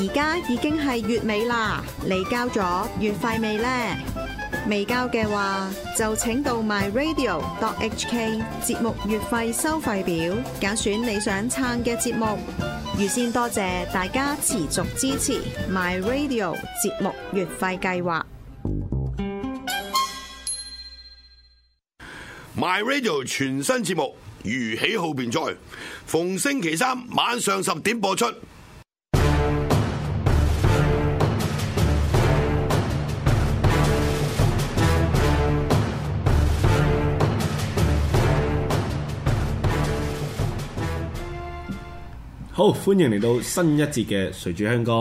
而家已經係月尾啦，你交咗月費未呢？未交嘅話，就請到 MyRadio.HK 節目月費收費表，揀選你想撐嘅節目。預先多謝大家持續支持 My Radio 節目月費計劃。My Radio 全新節目如喜號便災，逢星期三晚上十點播出。好，歡迎嚟到新一節嘅《誰主香江》。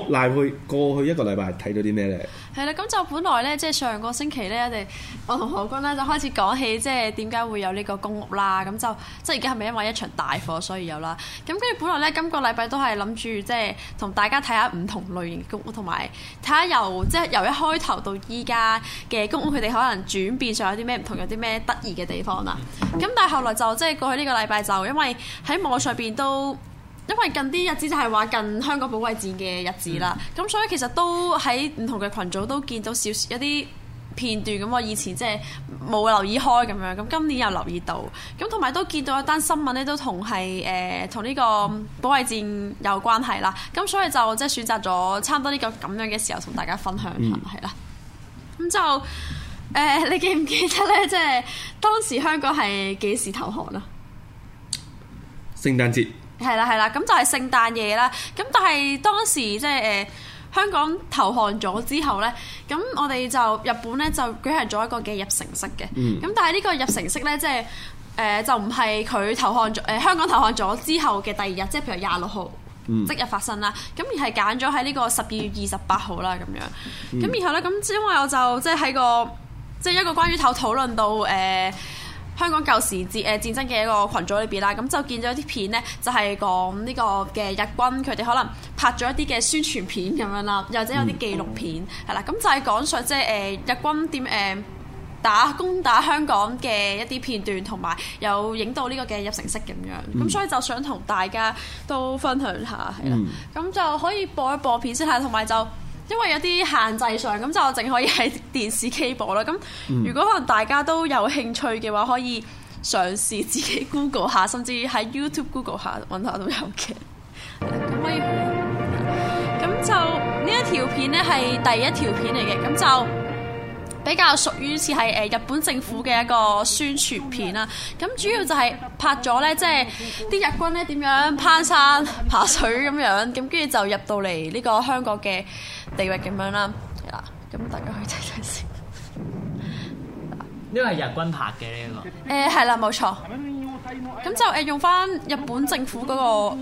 好，賴珮過去一個禮拜睇到啲咩咧？係啦，咁就本來咧，即係上個星期咧，我哋我同何君咧就開始講起，即係點解會有呢個公屋啦。咁就即係而家係咪因為一場大火所以有啦？咁跟住本來咧，今個禮拜都係諗住即係同大家睇下唔同類型嘅公屋，同埋睇下由即係、就是、由一開頭到依家嘅公屋，佢哋可能轉變上有啲咩唔同，有啲咩得意嘅地方啦。咁但係後來就即係、就是、過去呢個禮拜就因為喺網上邊都。因為近啲日子就係話近香港保衛戰嘅日子啦，咁、嗯、所以其實都喺唔同嘅群組都見到少少一啲片段，咁我以前即係冇留意開咁樣，咁今年又留意到，咁同埋都見到一單新聞呢都同係誒同呢個保衛戰有關係啦，咁所以就即係選擇咗差唔多呢、這個咁樣嘅時候同大家分享下係啦，咁、嗯、就誒、呃、你記唔記得呢？即、就、係、是、當時香港係幾時投降呀？聖誕節。係啦，係啦，咁就係、是、聖誕夜啦。咁但係當時即係誒香港投降咗之後咧，咁我哋就日本咧就舉行咗一個嘅入城式嘅。咁但係呢個入城式咧，即係誒就唔係佢投降咗，誒、呃、香港投降咗之後嘅第二日，即係譬如廿六號即日發生啦。咁、嗯、而係揀咗喺呢個十二月二十八號啦咁樣。咁、嗯、然後咧，咁因為我就即係喺個即係、就是、一個關於頭討論到誒。呃香港舊時戰誒戰爭嘅一個群組裏邊啦，咁就見咗啲片呢，就係、是、講呢個嘅日軍佢哋可能拍咗一啲嘅宣傳片咁樣啦，又、嗯、或者有啲紀錄片係啦，咁、嗯哦、就係講述即係日軍點誒打攻打香港嘅一啲片段，同埋有影到呢個嘅入城式咁樣，咁、嗯、所以就想同大家都分享下係啦，咁、嗯、就可以播一播片先啦，同埋就。因為有啲限制上，咁就淨可以喺電視機播啦。咁如果可能大家都有興趣嘅話，可以嘗試自己 Google 下，甚至喺 YouTube Google 下搵下都有嘅。咁可以，咁就呢一條片呢，係第一條片嚟嘅，咁就。比較屬於似係誒日本政府嘅一個宣傳片啦，咁主要就係拍咗咧，即係啲日軍咧點樣攀山爬水咁樣，咁跟住就入到嚟呢個香港嘅地域咁樣啦。嗱，咁大家去睇睇先。呢個係日軍拍嘅呢個。誒係啦，冇錯。咁就誒用翻日本政府嗰個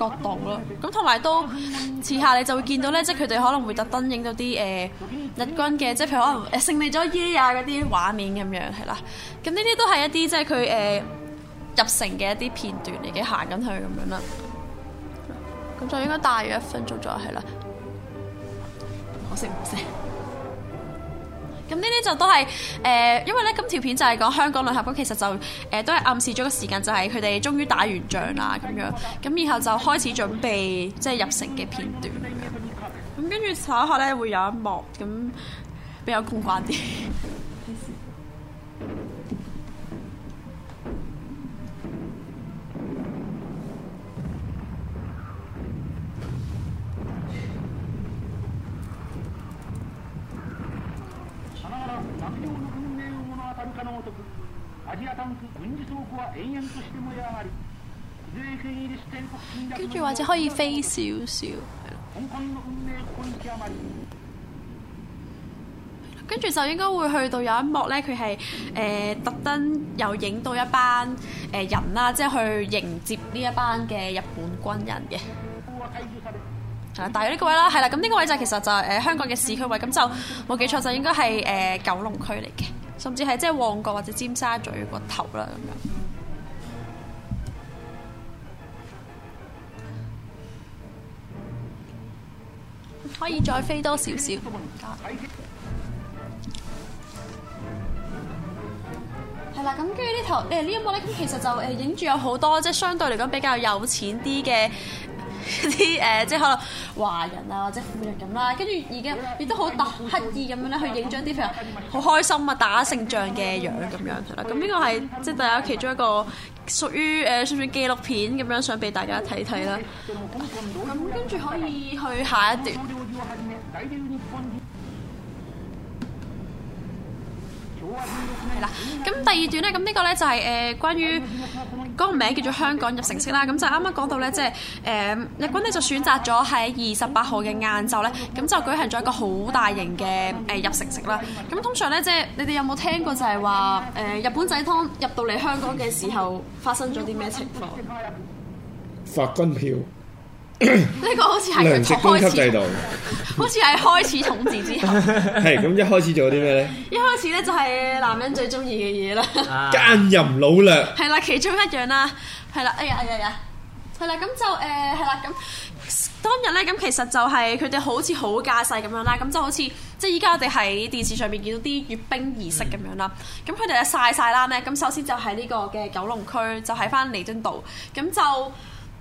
角度咯。咁同埋都遲下你就會見到咧，即係佢哋可能會特登影到啲誒。呃日軍嘅，即係譬如可能勝利咗耶啊，嗰啲畫面咁樣係啦，咁呢啲都係一啲即係佢誒入城嘅一啲片段嚟嘅，行緊去咁樣啦，咁就應該大約一分鐘左右係啦，可惜唔知。咁呢啲就都係誒、呃，因為咧今條片就係講香港聯合軍其實就誒、呃、都係暗示咗個時間，就係佢哋終於打完仗啦咁樣，咁然後就開始準備即係、就是、入城嘅片段。跟住稍後呢會有一幕咁比較空閒啲。跟住或者可以飛少少。跟住就應該會去到有一幕呢，佢係誒特登又影到一班誒、呃、人啦、啊，即係去迎接呢一班嘅日本軍人嘅。大約呢個位啦，係、嗯、啦，咁、這、呢個位就其實就係、是、誒、呃、香港嘅市區位，咁、嗯、就冇記錯就應該係誒、呃、九龍區嚟嘅，甚至係即係旺角或者尖沙咀個頭啦咁樣。可以再飛多少少？係啦，咁跟住呢頭誒呢一幕咧，咁其實就誒影住有好多即係相對嚟講比較有錢啲嘅。啲誒、 呃，即係可能華人啊，或者富人咁啦，跟住而家亦都好特刻意咁樣咧，去影張啲好開心啊，打勝仗嘅樣咁樣啦。咁呢個係即係大家其中一個屬於誒、呃，算唔算紀錄片咁樣，想俾大家睇睇啦。咁、嗯，跟住可以去下一段。係 啦、嗯、咁、嗯、第二段咧，咁、這個、呢個咧就係、是、誒、呃、關於。嗰個名叫做香港入城式啦，咁就啱啱講到呢，即係誒、嗯、日軍呢就選擇咗喺二十八號嘅晏晝呢，咁就舉行咗一個好大型嘅誒、呃、入城式啦。咁通常呢，即係你哋有冇聽過就係話誒日本仔湯入到嚟香港嘅時候發生咗啲咩情況？發軍票。呢個好似係佢開始，好似係開始統治之後 係咁一開始做啲咩咧？ 一開始咧就係男人最中意嘅嘢啦，奸淫擄掠。係啦，其中一樣啦，係啦，哎呀，哎呀哎呀，係啦，咁就誒，係、呃、啦，咁當日咧，咁其實就係佢哋好似好架勢咁樣啦，咁就好似即係依家我哋喺電視上面見到啲閱兵儀式咁樣啦，咁佢哋啊晒晒啦咩？咁首先就喺呢個嘅九龍區，就喺翻彌敦道，咁就。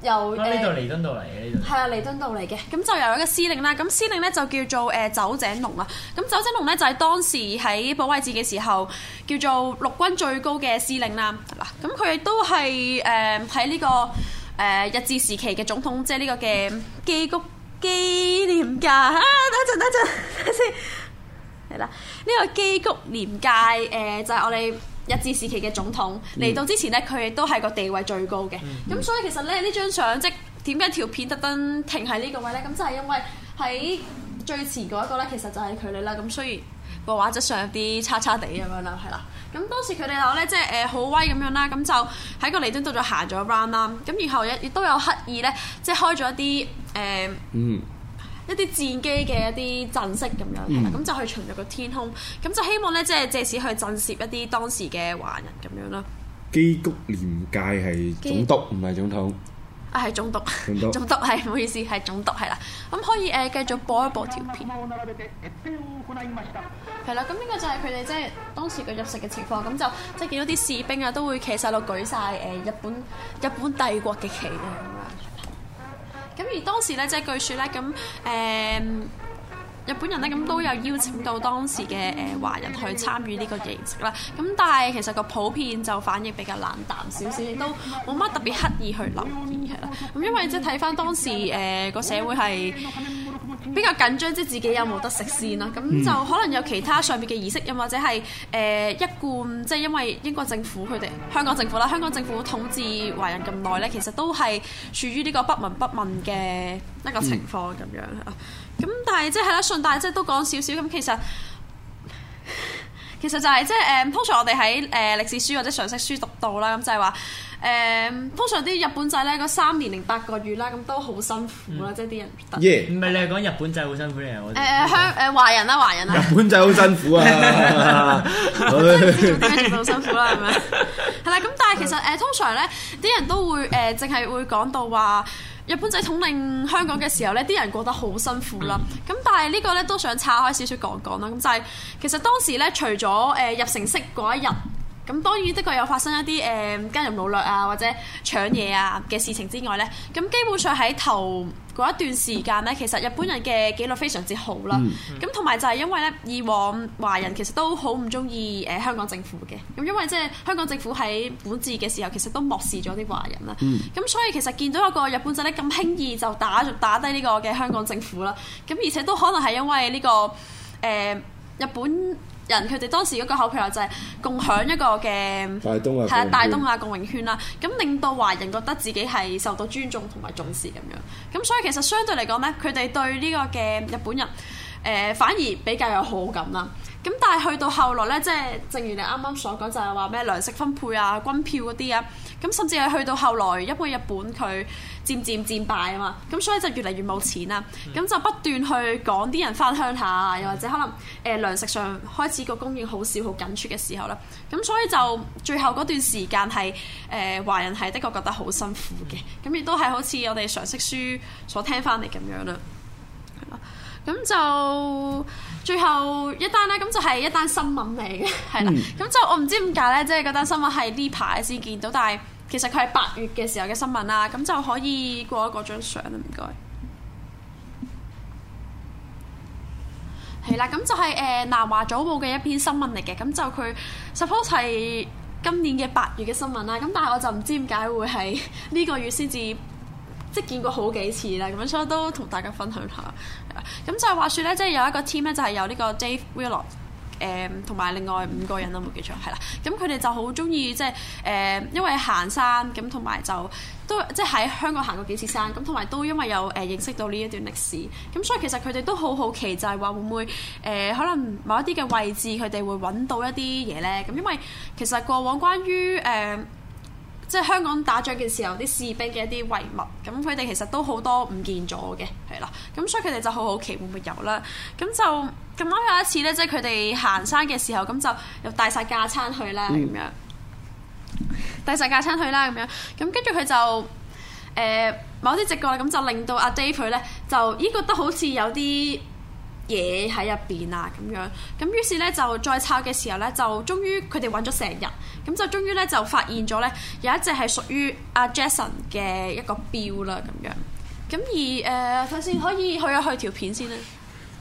咁呢度彌敦道嚟嘅呢度，係啊，彌敦道嚟嘅。咁就由一個司令啦，咁司令呢，就叫做誒酒井隆啦。咁、呃、酒井隆呢，酒井隆就係當時喺保衛戰嘅時候叫做陸軍最高嘅司令啦。嗱，咁佢亦都係誒喺呢個誒、呃、日治時期嘅總統，即係呢個嘅基谷紀念界啊！等陣，等陣，等先。係 啦，呢、這個基谷紀念界誒、呃、就係、是、我哋。日治時期嘅總統嚟到之前咧，佢亦都係個地位最高嘅。咁、嗯、所以其實咧，呢張相即點解條片特登停喺呢個位咧？咁就係因為喺最前嗰、那、一個咧，其實就係佢哋啦。咁所以個畫質上有啲差差地咁樣啦，係啦。咁當時佢哋攞咧，即係誒好威咁樣啦。咁就喺個彌敦道就行咗一 round 啦。咁然後亦亦都有刻意咧，即係開咗一啲誒。呃嗯一啲戰機嘅一啲陣式咁樣嚇，咁就去巡入個天空，咁就希望咧，即係借此去震懾一啲當時嘅華人咁樣啦。基谷廉介係總督，唔係基總統。啊，係總督。總督。總係督，唔好意思，係總督係啦。咁可以誒、呃、繼續播一，播一播條片。係、嗯嗯、啦，咁呢個就係佢哋即係當時嘅入城嘅情況，咁就即係、就是、見到啲士兵啊都會企晒度舉晒誒日本、呃、日本日本帝國嘅旗。咁而當時咧，即係據說咧，咁、嗯、誒日本人咧，咁都有邀請到當時嘅誒華人去參與呢個儀式啦。咁但係其實個普遍就反應比較冷淡少少，亦都冇乜特別刻意去留意啦。咁因為即係睇翻當時誒個、嗯、社會係比較緊張，即自己有冇得食先啦。咁就可能有其他上面嘅儀式，又或者係誒、呃、一貫，即係因為英國政府佢哋、香港政府啦、香港政府統治華人咁耐呢，其實都係處於呢個不聞不問嘅一個情況咁、嗯、樣。咁但係即係啦，順帶即係都講少少咁，其實其實就係即係誒，通常我哋喺誒歷史書或者常識書讀到啦，咁就係、是、話。誒，通常啲日本仔咧，嗰三年零八個月啦，咁都好辛苦啦，嗯、即係啲人。耶，唔係你係講日本仔好辛苦嘅？誒，香誒華人啦，華人啦、啊，人啊、日本仔好辛苦啊， 嗯、做啲嘢做到辛苦啦，係咪？係啦，咁但係其實誒，通常咧，啲人都會誒，淨、呃、係會講到話日本仔統領香港嘅時候咧，啲人過得好辛苦啦。咁、嗯、但係呢個咧都想拆開少少講講啦。咁就係其實當時咧，除咗誒入城式嗰一日。咁當然的確有發生一啲誒奸淫擄掠啊，或者搶嘢啊嘅事情之外呢，咁基本上喺頭嗰一段時間呢，其實日本人嘅紀律非常之好啦。咁同埋就係因為呢以往華人其實都好唔中意誒香港政府嘅。咁因為即係香港政府喺本治嘅時候，其實都漠視咗啲華人啦。咁、嗯、所以其實見到一個日本仔呢，咁輕易就打打低呢個嘅香港政府啦。咁而且都可能係因為呢、這個誒、呃、日本。人佢哋當時嗰個口號就係共享一個嘅，係啊大東亞共榮圈啦，咁令到華人覺得自己係受到尊重同埋重視咁樣，咁所以其實相對嚟講呢，佢哋對呢個嘅日本人。誒、呃、反而比較有好感啦，咁但係去到後來咧，即係正如你啱啱所講，就係話咩糧食分配啊、軍票嗰啲啊，咁甚至係去到後來，因為日本佢漸漸戰敗啊嘛，咁所以就越嚟越冇錢啦，咁、嗯、就不斷去趕啲人翻鄉下，又或者可能誒、呃、糧食上開始個供應好少好緊缺嘅時候啦，咁所以就最後嗰段時間係誒、呃、華人係的確覺得好辛苦嘅，咁亦、嗯、都係好似我哋常識書所聽翻嚟咁樣啦。咁就最後一單咧，咁就係一單新聞嚟嘅，係啦、嗯。咁 就我唔知點解呢，即係嗰單新聞係呢排先見到，但係其實佢係八月嘅時候嘅新聞啦。咁就可以過一過張相啦，唔該。係啦，咁就係誒南華早報嘅一篇新聞嚟嘅，咁就佢 suppose 係今年嘅八月嘅新聞啦。咁但係我就唔知點解會係呢個月先至。即係見過好幾次啦，咁樣所以都同大家分享下。咁就係話説咧，即係有一個 team 咧、呃，就係有呢個 Jade Willow 同埋另外五個人都冇記錯係啦。咁佢哋就好中意即係誒、呃，因為行山咁，同埋就都即係喺香港行過幾次山咁，同埋都因為有誒、呃、認識到呢一段歷史。咁所以其實佢哋都好好奇，就係話會唔會誒、呃、可能某一啲嘅位置，佢哋會揾到一啲嘢咧。咁因為其實過往關於誒、呃即係香港打仗嘅時候，啲士兵嘅一啲遺物，咁佢哋其實都好多唔見咗嘅，係啦，咁所以佢哋就好好奇會唔會有啦，咁就咁啱有一次咧，即係佢哋行山嘅時候，咁就又帶晒架撐去啦咁、嗯、樣，帶晒架撐去啦咁樣，咁跟住佢就誒、呃、某啲直覺，咁就令到阿 Dave 佢咧就咦覺得好似有啲嘢喺入邊啊，咁樣，咁於是咧就再抄嘅時候咧，就終於佢哋揾咗成日，咁就終於咧就發現咗咧，有一隻係屬於阿 Jackson 嘅一個表啦，咁樣咁而誒睇、呃、先，可以去一去條片先啦。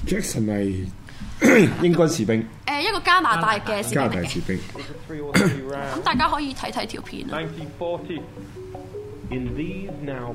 Jackson 咪是英軍士兵誒、 呃、一個加拿大嘅加拿大士兵。咁 大家可以睇睇條片啊。1940, in these now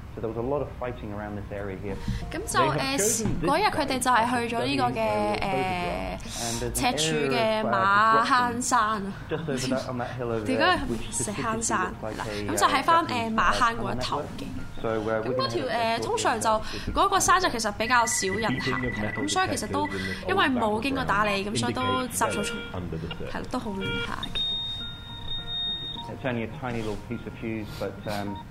咁就誒嗰日佢哋就係去咗呢個嘅誒、呃、赤柱嘅馬，馬坑山啊，點講咧？石 坑山嗱，咁 就喺翻誒馬坑嗰一頭嘅咁嗰條、呃、通常就嗰 個山就其實比較少人行嘅，咁 所以其實都因為冇經過打理，咁所以都雜草叢生都好亂嚇。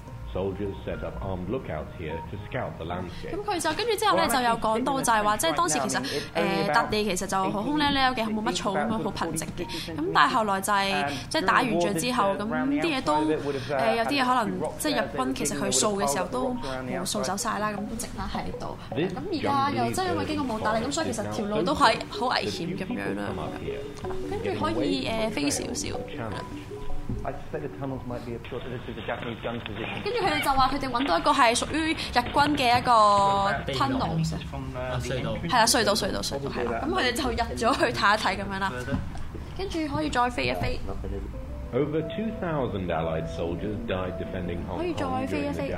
咁佢就跟住之後咧，就有講到就係話，即係當時其實誒笪、呃、地其實就好空曬曬嘅，冇乜草咁樣，好貧瘠嘅。咁但係後來就係、是、即係打完仗之後，咁啲嘢都誒、呃、有啲嘢可能即係日軍其實佢掃嘅時候都冇掃走晒啦，咁都剩翻喺度。咁而家又即係因為經過冇打理，咁所以其實條路都係好危險咁樣啦。跟、嗯、住、嗯、可以誒、呃、飛少少。嗯跟住佢哋就話：佢哋揾到一個係屬於日軍嘅一個通道，係啦，隧道、隧 道樂、隧道。咁佢哋就入咗去睇一睇咁樣啦，跟住可以再飛一飛。 可以再飛一飛。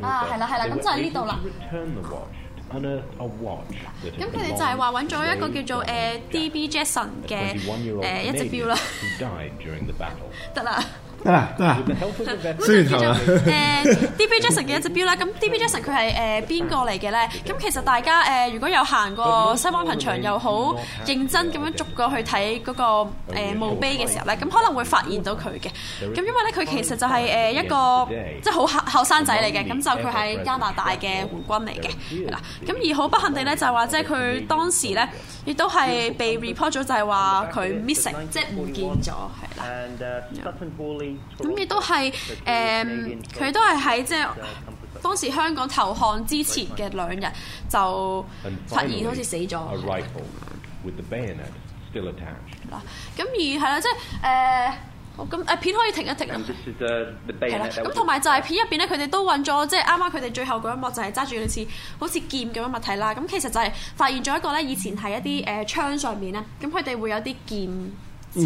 啦啊，係啦，係啦，咁就係呢度啦。 咁佢哋就係話揾咗一個叫做誒 DB Jackson 嘅誒一隻表啦，得啦。嗱嗱，D.B.Jackson 嘅一隻表啦。咁、嗯、 D.B.Jackson 佢係誒邊、呃、個嚟嘅咧？咁其實大家誒、呃、如果有行過西灣墳場又好，認真咁樣逐個去睇嗰、那個墓、呃、碑嘅時候咧，咁可能會發現到佢嘅。咁因為咧，佢其實就係、是、誒、呃、一個即係好後後生仔嚟嘅，咁就佢喺加拿大嘅軍嚟嘅嗱。咁而好不幸地咧，就話即係佢當時咧，亦都係被 report 咗，就係話佢 missing，即係唔見咗，係、嗯、啦。嗯咁亦、嗯、都係誒，佢、嗯、都係喺即係當時香港投降之前嘅兩日就發現好似死咗。嗱 with the bayonet still attached、嗯，咁而係啦，即係誒，咁、呃、誒片可以停一停啦。係啦，咁同埋就係片入邊咧，佢哋都揾咗即係啱啱佢哋最後嗰一幕就係揸住類似好似劍噉樣物體啦。咁其實就係發現咗一個咧，以前喺一啲誒、uh, 槍上面咧，咁佢哋會有啲劍。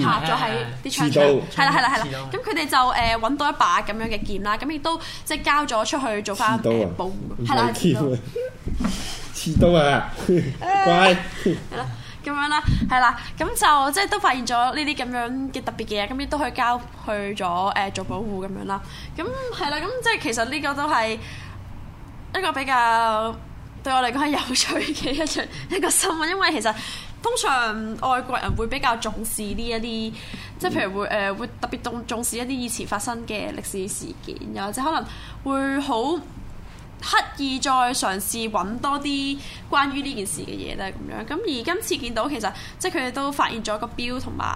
插咗喺啲窗上，係啦係啦係啦，咁佢哋就誒揾到一把咁樣嘅劍啦，咁亦都即係交咗出去做翻誒保護，係啦，刀啊，刀啊，乖，係啦 啊，咁樣啦，係啦、啊，咁、啊、就即係都發現咗呢啲咁樣嘅特別嘅嘢，咁亦都去交去咗誒做保護咁樣啦，咁係啦，咁即係其實呢個都係一個比較對我嚟講係有趣嘅一出一個新聞，因為其實。通常外國人會比較重視呢一啲，即係譬如會誒、呃、會特別重重視一啲以前發生嘅歷史事件，又或者可能會好刻意再嘗試揾多啲關於呢件事嘅嘢咧咁樣。咁而今次見到其實，即係佢哋都發現咗個標同埋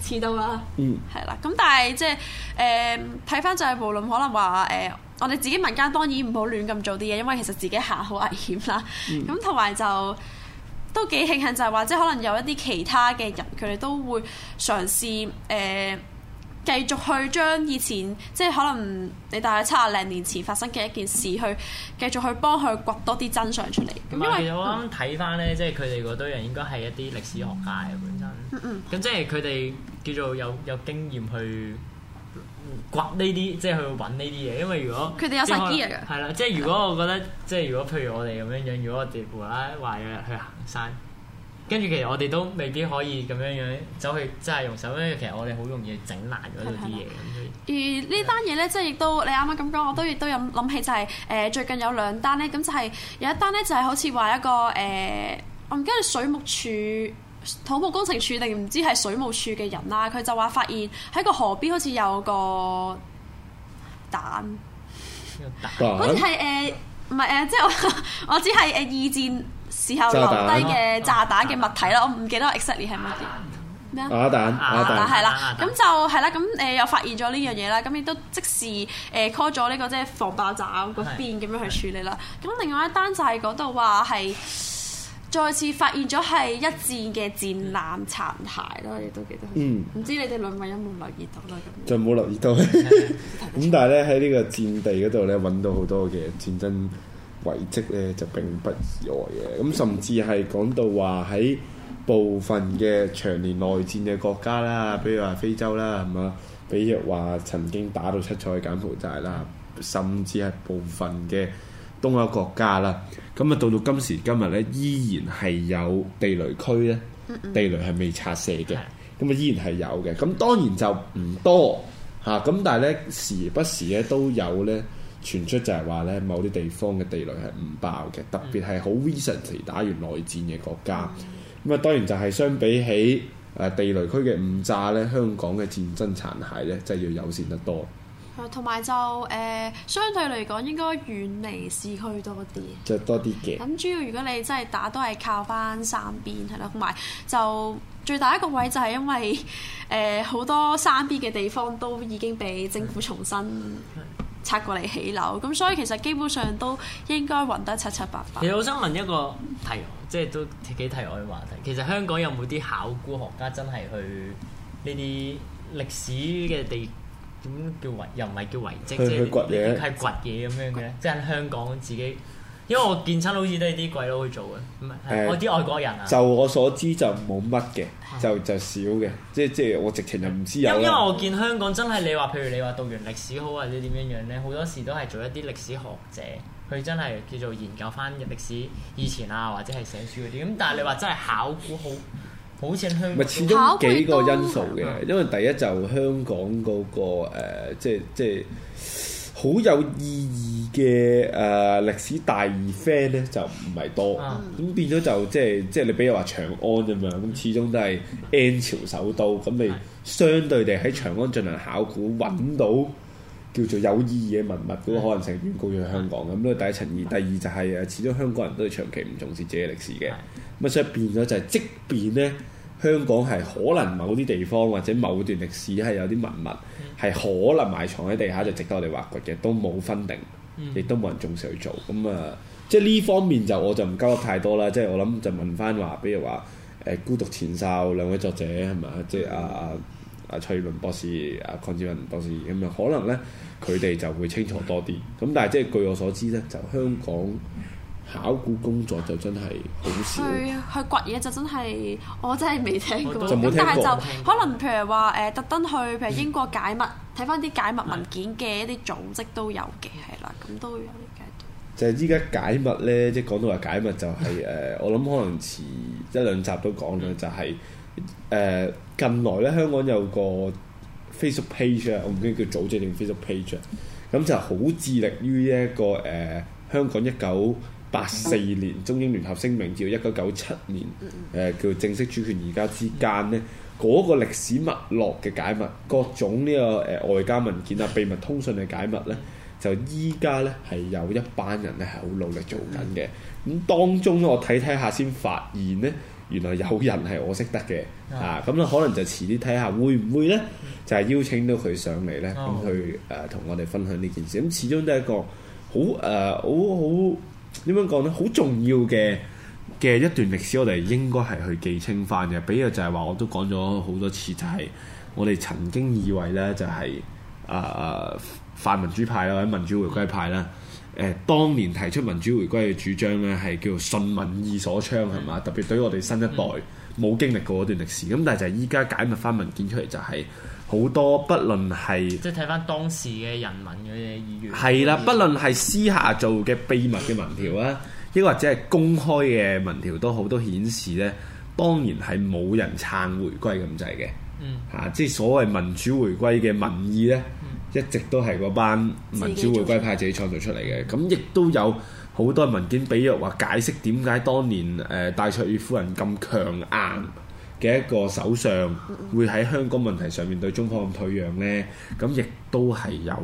刺刀啦。嗯，係啦。咁但係即係誒睇返就係無論可能話誒、呃，我哋自己民間當然唔好亂咁做啲嘢，因為其實自己行好危險啦。咁同埋就。都幾慶幸就係話，即係可能有一啲其他嘅人，佢哋都會嘗試誒繼、呃、續去將以前即係可能你大概七十零年前發生嘅一件事，去繼續去幫佢掘多啲真相出嚟。咁因為，其實我啱睇翻咧，嗯、即係佢哋嗰堆人應該係一啲歷史學界嘅本身。嗯咁、嗯、即係佢哋叫做有有經驗去。掘呢啲，即係去要揾呢啲嘢，因為如果佢哋有手機嘅，係啦、嗯，即係如果我覺得，即係如果譬如我哋咁樣樣，如果我哋無啦啦話有嘅去行山，跟住其實我哋都未必可以咁樣樣走去，即係用手因為，其實我哋好容易整爛咗呢度啲嘢。而呢單嘢咧，對吧 即係亦都你啱啱咁講，我都亦都有諗起、就是，就係誒最近有兩單咧，咁就係有一單咧，就係好似話一個誒、呃，我唔記得水木柱。土木工程署定唔知係水務處嘅人啦，佢就話發現喺個河邊好似有個蛋，好似係誒唔係誒，即係我我只係誒二戰時候留低嘅炸彈嘅物體咯，我唔記得 exactly 係乜嘢咩啊？啞蛋，啞蛋係啦，咁就係啦，咁誒又發現咗呢樣嘢啦，咁亦都即時誒 call 咗呢個即係防爆組嗰邊，咁樣去處理啦。咁另外一單就係講到話係。再次發現咗係一戰嘅戰艦殘骸咯，你都記得。嗯，唔知你哋兩位有冇留意到咧？就冇留意到。咁、嗯、 但係咧喺呢個戰地嗰度咧，搵到好多嘅戰爭遺跡咧，就並不意外嘅。咁甚至係講到話喺部分嘅長年內戰嘅國家啦，比如話非洲啦，係嘛？比如話曾經打到七彩柬埔寨啦，甚至係部分嘅。東亞國家啦，咁啊到到今時今日咧，依然係有地雷區咧，地雷係未拆卸嘅，咁啊依然係有嘅。咁當然就唔多嚇，咁但係咧時不時咧都有咧傳出就係話咧某啲地方嘅地雷係唔爆嘅，特別係好 recently 打完內戰嘅國家。咁啊當然就係相比起誒地雷區嘅誤炸咧，香港嘅戰爭殘骸咧，真係要友善得多。同埋就誒、呃，相對嚟講應該遠離市區多啲，即係多啲嘅。咁、嗯、主要如果你真係打都係靠翻山邊，係啦，同埋就最大一個位就係因為誒好、呃、多山邊嘅地方都已經被政府重新拆過嚟起樓，咁、嗯、所以其實基本上都應該揾得七七八八。其實我想問一個題，嗯、即係都幾題外話題，其實香港有冇啲考古學家真係去呢啲歷史嘅地？點、嗯、叫遺？又唔係叫遺跡，即係係掘嘢咁樣嘅，掘即係香港自己，因為我見親好似都係啲鬼佬去做嘅，唔係我啲外國人啊。就我所知就冇乜嘅，就就少嘅，的即係即係我直情就唔知有。因因為我見香港真係你話，譬如你話讀完歷史好，或者點樣樣咧，好多時都係做一啲歷史學者，佢真係叫做研究返歷史以前啊，嗯、或者係寫書嗰啲。咁但係你話真係考古好？好似香唔係始終幾個因素嘅，因為第一就香港嗰、那個、呃、即係即係好有意義嘅誒、呃、歷史大熱 friend 咧，就唔係多，咁變咗就即係即係你比如話長安咁樣，咁始終都係 N 朝首都，咁你相對地喺長安進行考古揾到、嗯、叫做有意義嘅文物，嗰個可能性遠高於香港咁咯。第一層意，第二就係誒，始終香港人都係長期唔重視自己嘅歷史嘅，咁啊所以變咗就係即便咧。香港係可能某啲地方或者某段歷史係有啲文物係可能埋藏喺地下就值得我哋挖掘嘅，都冇分定，亦都冇人重視去做。咁啊，即係呢方面就我就唔交得太多啦。即係我諗就問翻話，比如話誒、呃《孤獨前哨》兩位作者係咪、嗯、啊，即係阿阿蔡依倫博士、阿鄺志文博士咁啊、嗯，可能咧佢哋就會清楚多啲。咁但係即係據我所知咧，就香港。考古工作就真係好少。去掘嘢就真係，我真係未聽過。 但係就可能譬如話誒，特登去譬如英國解密，睇翻啲解密文件嘅一啲組織都有嘅，係啦， 咁都有啲解讀。就係依家解密咧，即係講到話解密就係、是、誒， 我諗可能前一兩集都講咗、就是，就係誒近來咧香港有個 Facebook page，我唔記得叫組織定 Facebook page，咁就好致力於呢一個誒香港一九八四年中英聯合聲明照一九九七年，誒、呃、叫正式主權移交之間呢嗰、嗯、個歷史脈絡嘅解密，各種呢、這個誒、呃、外交文件啊、秘密通訊嘅解密呢，就依家呢係有一班人咧係好努力做緊嘅。咁、嗯、當中咧，我睇睇下先發現呢，原來有人係我識得嘅，嗯、啊，咁咧可能就遲啲睇下會唔會呢？嗯、就係邀請到佢上嚟呢，咁去誒同我哋分享呢件事。咁始終都係一個好誒，好、呃、好。呃點樣講呢？好重要嘅嘅一段歷史，我哋應該係去記清翻嘅。比如就係話，我都講咗好多次，就係、是、我哋曾經以為呢、就是，就係啊啊泛民主派啦，或者民主回歸派啦，誒、呃、當年提出民主回歸嘅主張呢，係叫做「信民意所倡」，係嘛？特別對於我哋新一代冇經歷過段歷史，咁但係就係依家解密翻文件出嚟、就是，就係。好多，不論係即係睇翻當時嘅人民嘅意願，係啦，不論係私下做嘅秘密嘅民調啊，亦、嗯、或者係公開嘅民調好都好多顯示咧，當然係冇人撐回歸咁滯嘅。嗯，嚇、啊，即係所謂民主回歸嘅民意咧，嗯、一直都係嗰班民主回歸派自己創造出嚟嘅。咁亦都有好多文件，比如話解釋點解當年誒戴卓爾夫人咁強硬。嘅一個首相會喺香港問題上面對中方咁退讓咧，咁亦都係有誒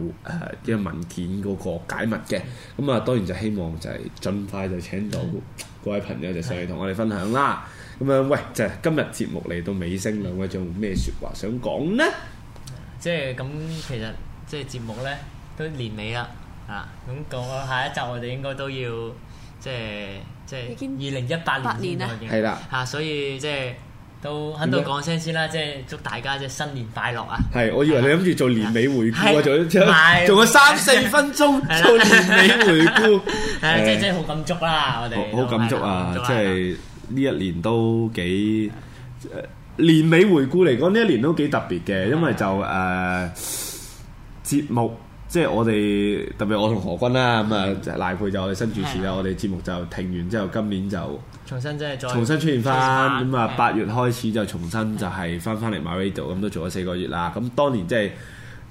嘅文件嗰個解密嘅。咁啊，當然就希望就係盡快就請到各位朋友就上嚟同我哋分享啦。咁樣喂，就係今日節目嚟到尾聲，兩位仲有咩説話想講呢？即係咁，其實即係節目咧都年尾啦，啊咁講下一集我哋應該都要即係即係二零一八年啦，係啦，嚇，所以即係。都喺度講聲先啦，即係祝大家即係新年快樂啊！係，我以為你諗住做年尾回顧啊，做咗做咗三四分鐘做年尾回顧，即即好感祝啦，我哋好感觸啊！即係呢一年都幾年尾回顧嚟講，呢一年都幾特別嘅，因為就誒節目。即係我哋特別，我同何君啦咁啊，嗯、就賴珮就我哋新主持啦，嗯、我哋節目就停完之後，今年就重新即係重新出現翻咁啊！八月開始就重新就係翻翻嚟 MyRadio 咁，都做咗四個月啦。咁當年即係。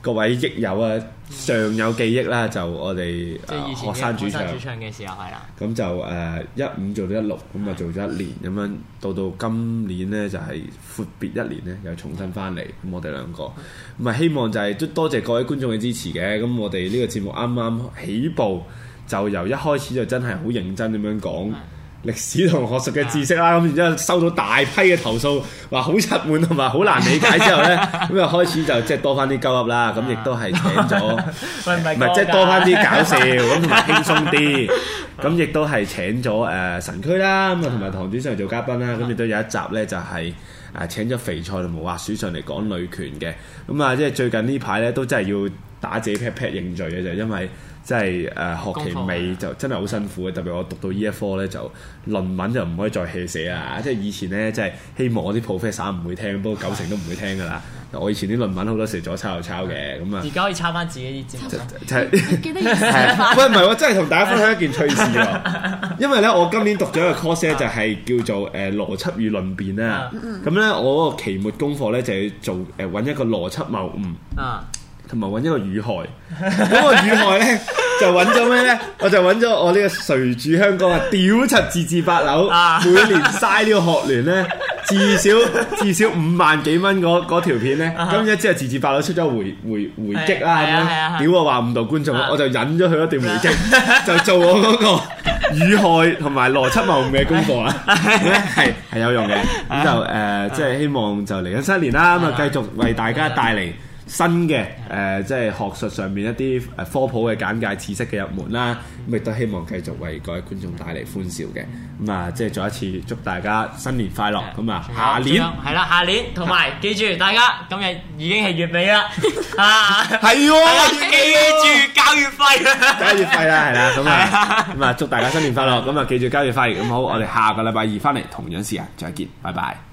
各位益友啊，尚有記憶啦，嗯、就我哋學生主唱，學生主唱嘅時候係啦。咁、啊、就誒一五做到一六，咁啊做咗一年，咁樣到到今年呢，就係、是、闊別一年呢，又重新翻嚟。咁我哋兩個，唔係的希望就係、是、都多謝各位觀眾嘅支持嘅。咁我哋呢個節目啱啱起步，就由一開始就真係好認真咁樣講。歷史同學術嘅知識啦，咁然之後收到大批嘅投訴，話好出門同埋好難理解之後呢，咁就 開始就即係多翻啲鳩噏啦，咁亦 都係請咗，唔係即係多翻啲不 搞笑，咁同埋輕鬆啲，咁亦 都係請咗誒、呃、神區啦，咁啊同埋唐主上嚟做嘉賓啦，咁亦都有一集呢，就係誒請咗肥菜同毛滑鼠上嚟講女權嘅，咁啊即係最近呢排呢，都真係要。打自己 pet pet 認罪嘅就因為即係誒學期未，就真係好辛苦嘅，特別我讀到呢一科咧就論文就唔可以再氣死啊！即係以前咧即係希望我啲 professor 唔會聽，不過九成都唔會聽噶啦。我以前啲論文好多時左抄右抄嘅，咁啊，而家可以抄翻自己啲字，唔記得。唔係我真係同大家分享一件趣事咯，因為咧我今年讀咗一個 course 咧就係叫做誒邏輯與論辯啦。咁咧我個期末功課咧就要做誒揾一個邏輯謬誤。同埋揾一個語害，咁個語害咧就揾咗咩咧？我就揾咗我呢個誰主香江啊屌柒自治八樓，每年嘥呢個學聯咧至少至少五萬幾蚊嗰嗰條片咧，咁一之後自治八樓出咗回回回擊啦，係咪？屌我話唔到觀眾，我就引咗佢一段回擊，就做我嗰個語害同埋邏輯謬誤嘅功課啦，係係有用嘅。咁就誒，即係希望就嚟緊新年啦，咁啊繼續為大家帶嚟。新嘅誒、呃，即係學術上面一啲誒科普嘅簡介、知識嘅入門啦，咁亦都希望繼續為各位觀眾帶嚟歡笑嘅。咁、嗯、啊，即係再一次祝大家新年快樂。咁啊的，下年係啦，下年同埋記住，大家今日已經係月尾啦。啊，係喎，記住交月費啦，交月費啦，係啦。咁啊，咁啊 的，祝大家新年快樂。咁啊，記住交月費咁好。的我哋下個禮拜二翻嚟同樣時間再見，拜拜。